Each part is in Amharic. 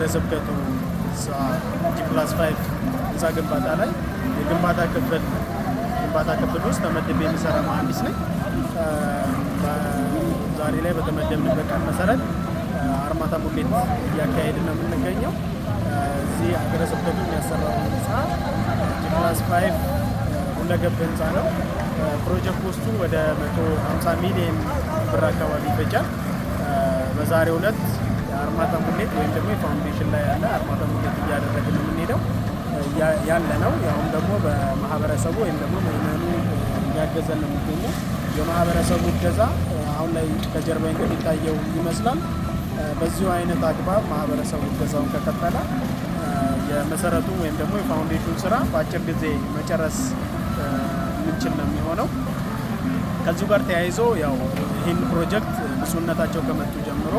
የደረሰበት ጂፕላስ ፋይቭ ህንፃ ግንባታ ላይ የግንባታ ክፍል ግንባታ ክፍል ውስጥ ተመድቤ የሚሰራ መሀንዲስ ነኝ። ዛሬ ላይ በተመደብንበት ቀን መሰረት አርማታ ሙሌት እያካሄድን ነው የምንገኘው። እዚህ ሀገረ ስብከቱ የሚያሰራው ህንፃ ጂፕላስ ፋይቭ ሁለገብ ህንፃ ነው። ፕሮጀክት ውስጡ ወደ 150 ሚሊየን ብር አካባቢ ይፈጃል። በዛሬው ዕለት አርማታ ሙሌት ወይም ደግሞ የፋውንዴሽን ላይ ያለ አርማታ ሙሌት እያደረግን የምንሄደው ያለ ነው። ያሁም ደግሞ በማህበረሰቡ ወይም ደግሞ ምእመኑ እያገዘን ነው የሚገኘ የማህበረሰቡ እገዛ አሁን ላይ ከጀርባ እንደሚታየው ይመስላል። በዚሁ አይነት አግባብ ማህበረሰቡ እገዛውን ከቀጠለ የመሰረቱ ወይም ደግሞ የፋውንዴሽኑ ስራ በአጭር ጊዜ መጨረስ ምንችል ነው የሚሆነው። ከዚሁ ጋር ተያይዞ ያው ይህን ፕሮጀክት ብፁዕነታቸው ከመጡ ጀምሮ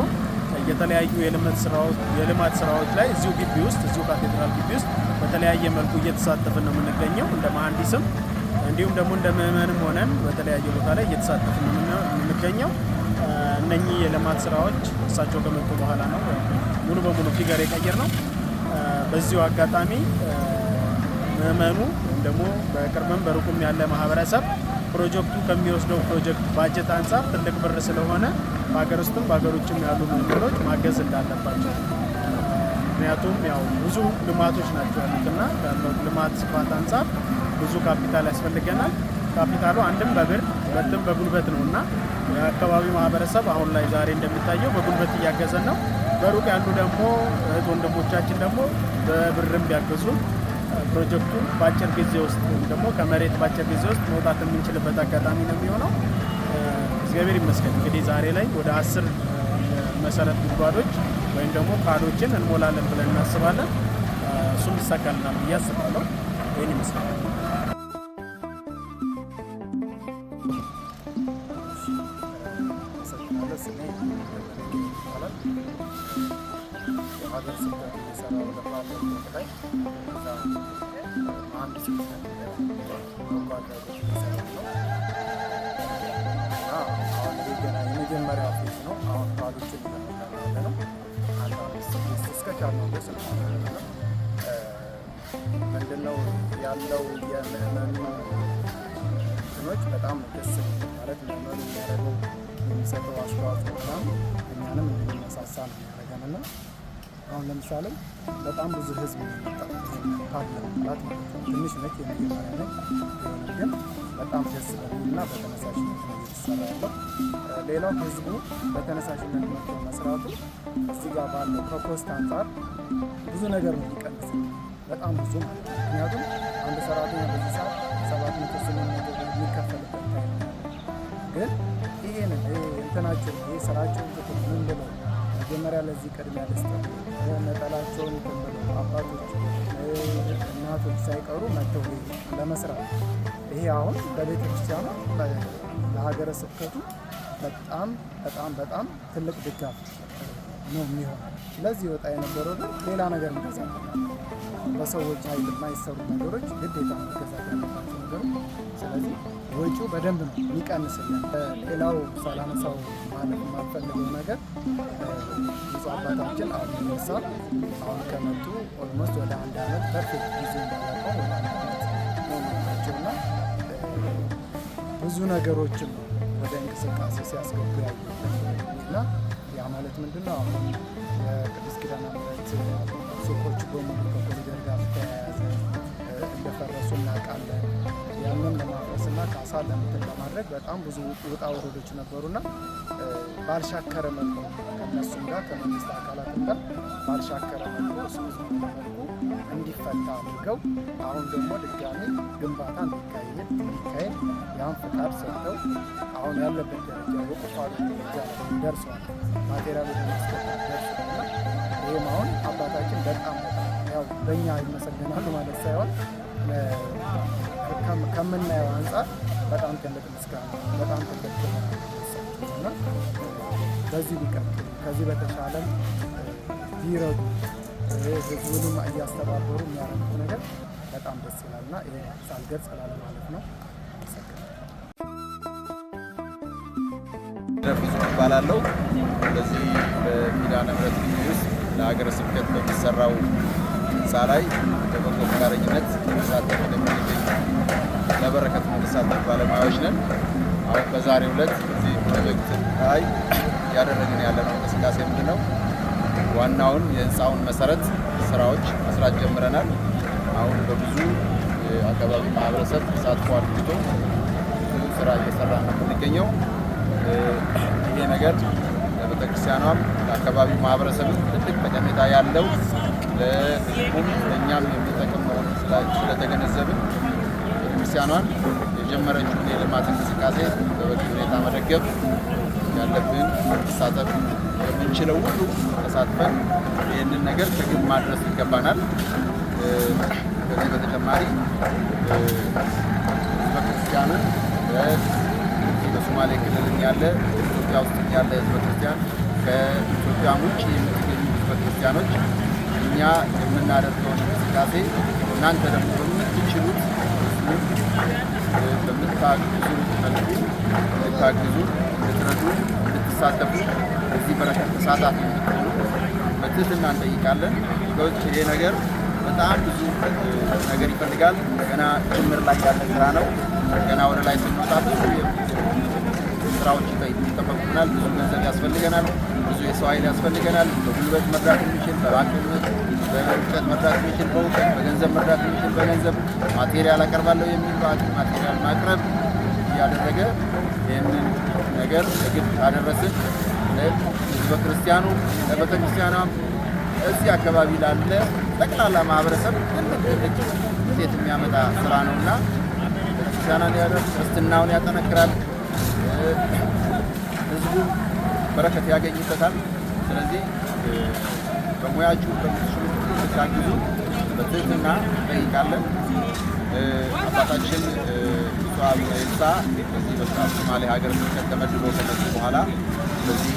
የተለያዩ የልማት ስራዎች የልማት ስራዎች ላይ እዚሁ ግቢ ውስጥ እዚሁ ካቴድራል ግቢ ውስጥ በተለያየ መልኩ እየተሳተፍን ነው የምንገኘው። እንደ መሀንዲስም እንዲሁም ደግሞ እንደ ምዕመንም ሆነን በተለያየ ቦታ ላይ እየተሳተፍን ነው የምንገኘው። እነኚህ የልማት ስራዎች እሳቸው ከመጡ በኋላ ነው ሙሉ በሙሉ ፊገር የቀየር ነው። በዚሁ አጋጣሚ ምዕመኑ ወይም ደግሞ በቅርብም በሩቁም ያለ ማህበረሰብ ፕሮጀክቱ ከሚወስደው ፕሮጀክት ባጀት አንጻር ትልቅ ብር ስለሆነ በሀገር ውስጥም በሀገር ውጭም ያሉ መንገዶች ማገዝ እንዳለባቸው ምክንያቱም ያው ብዙ ልማቶች ናቸው ያሉት እና ልማት ስፋት አንጻር ብዙ ካፒታል ያስፈልገናል። ካፒታሉ አንድም በብር ሁለትም በጉልበት ነው እና የአካባቢው ማህበረሰብ አሁን ላይ ዛሬ እንደሚታየው በጉልበት እያገዘን ነው። በሩቅ ያሉ ደግሞ እህት ወንድሞቻችን ደግሞ በብርም ቢያገዙ ፕሮጀክቱ በአጭር ጊዜ ውስጥ ወይም ደግሞ ከመሬት በአጭር ጊዜ ውስጥ መውጣት የምንችልበት አጋጣሚ ነው የሚሆነው። እግዚአብሔር ይመስገን እንግዲህ ዛሬ ላይ ወደ አስር መሰረት ጉድጓዶች ወይም ደግሞ ካዶችን እንሞላለን ብለን እናስባለን። እሱም ይሳካልናል ብዬ አስባለሁ። ይህን ይመስላል። አሁን ገና የመጀመሪያ ፌዝ ነው። አሁን ባሎችን እየመረመርን ነው። እስከቻልነው ድረስ ምንድነው ያለው የምዕመኑ እንትኖች በጣም ደስ ማለት ምዕመኑ የሚያደርገው የሚሰጠው አስተዋጽኦ በጣም እኛንም እንድንነሳሳ ነው የሚያደርገን እና አሁን ለምሳሌ በጣም ብዙ ህዝብ ፓርትነርላት ትንሽ ነች የመጀመሪያ ግን በጣም ደስ እና በተነሳሽነት ነው የተሰራ ያለው። ሌላው ህዝቡ በተነሳሽነት መቶ መስራቱ እዚህ ጋር ባለው ከኮስት አንጻር ብዙ ነገር ነው የሚቀንስ በጣም ብዙ ምክንያቱም አንድ ሰራተኛ በዚህ ሰዓት ሰባት መቶ ስምንት የሚከፈልበት ግን ይሄ እንትናቸው ይሄ ስራቸው ምን ብለው መጀመሪያ ለዚህ ቅድሚያ ልስጠት። ነጠላቸውን አባቶች እናቶች ሳይቀሩ መጥተው ለመስራት ይሄ አሁን በቤተ ክርስቲያኑ ለሀገረ ስብከቱ በጣም በጣም በጣም ትልቅ ድጋፍ ነው የሚሆነው። ለዚህ ወጣ የነበረው ግን ሌላ ነገር እንገዛ በሰዎች ኃይል የማይሰሩ ነገሮች ግዴታ መገዛት ያለባቸው ነገሮች። ስለዚህ ወጪው በደንብ ነው የሚቀንስልን። ሌላው ሳላነሳው ማለት የማልፈልገው ነገር ብዙ አባታችን አሁን ይነሳ አሁን ከመጡ ኦልሞስት ወደ አንድ ዓመት ፐርፌክት ጊዜ እንዳለቀ ወደ አንድ ዓመት ሆናቸውና ብዙ ነገሮችም ወደ እንቅስቃሴ ሲያስገቡ እና ያ ማለት ምንድን ነው አሁን የቅዱስ ኪዳነ ምሕረት ሱቆች በሙሉ ከኮሪደር ጋር ተያያዘ እንደፈረሱ እናውቃለን። ያንን ለማፍረስና ካሳ ለምትን ለማድረግ በጣም ብዙ ውጣ ውረዶች ነበሩና ባልሻከረ መልኩ ከነሱም ጋር ከመንግስት አካላትም ጋር ባልሻከረ መልኩ እንዲፈታ አድርገው አሁን ደግሞ ድጋሚ ግንባታ እንዲካሄድ እንዲካሄድ ያን ፍቃድ ሰጥተው አሁን ያለበት ደረጃ የቁፋሮ ደረጃ ደርሷል። ማቴሪያሉ ደርሷልና ይህም አሁን አባታችን በጣም ያው በእኛ ይመሰገናሉ ማለት ሳይሆን ከምናየው አንጻር በጣም ትልቅ ምስጋና በጣም ትልቅ ሳቸውና በዚህ ቢቀጥሉ ከዚህ በተሻለም ቢረዱ ህዝቡንም እያስተባበሩ የሚያደርጉት ነገር በጣም ደስ ይላል እና ይሄ ሳልገልጽ ላለ ማለት ነው። ነፊት እባላለሁ። በዚህ በኪዳነ ምሕረት ግቢ ውስጥ ለሀገረ ስብከት በሚሰራው ህንፃ ላይ በበጎ ፈቃደኝነት ተሳተፍ እንደሚገኝ ለበረከት መነሳተፍ ባለሙያዎች ነን። አሁን በዛሬው ዕለት እዚህ ፕሮጀክት ላይ እያደረግን ያለነው እንቅስቃሴ ምንድን ነው? ዋናውን የህንፃውን መሰረት ስራዎች መስራት ጀምረናል። አሁን በብዙ አካባቢ ማህበረሰብ ተሳትፎ አድርጎ ብዙ ስራ እየሰራ ነው የምንገኘው። ይሄ ነገር ለቤተክርስቲያኗም ለአካባቢው ማህበረሰብም ትልቅ ጠቀሜታ ያለው ለህዝቡም ለእኛም የሚጠቅም መሆኑን ስለተገነዘብን ቤተክርስቲያኗን የጀመረችውን የልማት እንቅስቃሴ በበቂ ሁኔታ መደገፍ ያለብን መሳተፍ የምንችለው ሁሉ ተሳትፈን ይህንን ነገር ከግብ ማድረስ ይገባናል። ከዚህ በተጨማሪ ህዝበ ክርስቲያኑ በሶማሌ ክልል ያለ ኢትዮጵያ ውስጥ ያለ ህዝበ ክርስቲያን ከኢትዮጵያ ውጭ የምትገኙ ህዝበ ክርስቲያኖች እኛ የምናደርገውን እንቅስቃሴ እናንተ ደግሞ በምትችሉት በምታግዙ መልኩ እንድታግዙ፣ እንድትረዱ፣ እንድትሳተፉ እዚህ በረከት ተሳታፊ እንድትሆኑ በትህትና እንጠይቃለን። ች ይሄ ነገር በጣም ብዙ ነገር ይፈልጋል። ገና ጅምር ላይ ያለ ስራ ነው። ገና ወደ ላይ ስንወጣ ብዙ ስራዎች ይጠበቁብናል። ብዙ ገንዘብ ያስፈልገናል። የሰው ኃይል ያስፈልገናል። በጉልበት መርዳት የሚችል በባክነት በእውቀት መርዳት የሚችል በእውቀት በገንዘብ መርዳት የሚችል በገንዘብ ማቴሪያል አቀርባለሁ የሚል ማቴሪያል ማቅረብ እያደረገ ይህንን ነገር ግድ አደረስን። ለህዝበ ክርስቲያኑ ለቤተ ክርስቲያኗም እዚህ አካባቢ ላለ ጠቅላላ ማህበረሰብ ትልቅ ውጤት የሚያመጣ ስራ ነው እና ቤተክርስቲያናን ያደር ክርስትናውን ያጠነክራል ህዝቡ በረከት ያገኝበታል። ስለዚህ በሙያችሁ በምትችሉ ልታግዙ በትህትና እንጠይቃለን። አባታችን ብፁዕ አቡነ ኤልሳ በዚህ በምዕራብ ሶማሌ ሀገር ስብከት ተመድቦ ከመጡ በኋላ በዚህ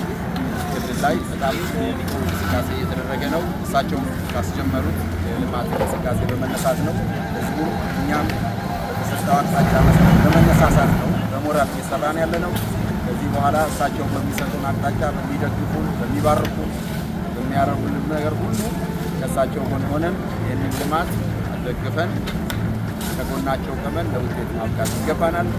ክልል ላይ በጣም እንቅስቃሴ እየተደረገ ነው። እሳቸውም ካስጀመሩት የልማት እንቅስቃሴ በመነሳት ነው። ህዝቡ እኛም በተሰጠው አቅጣጫ መሰረት በመነሳሳት ነው በሞራል እየሰራን ያለ ነው። ከዚህ በኋላ እሳቸው በሚሰጡን አቅጣጫ፣ በሚደግፉን፣ በሚባርኩን፣ በሚያረጉልን ነገር ሁሉ ከእሳቸው ጎን ሆነን ይህንን ልማት ደግፈን ከጎናቸው ቆመን ለውጤት ማብቃት ይገባናል።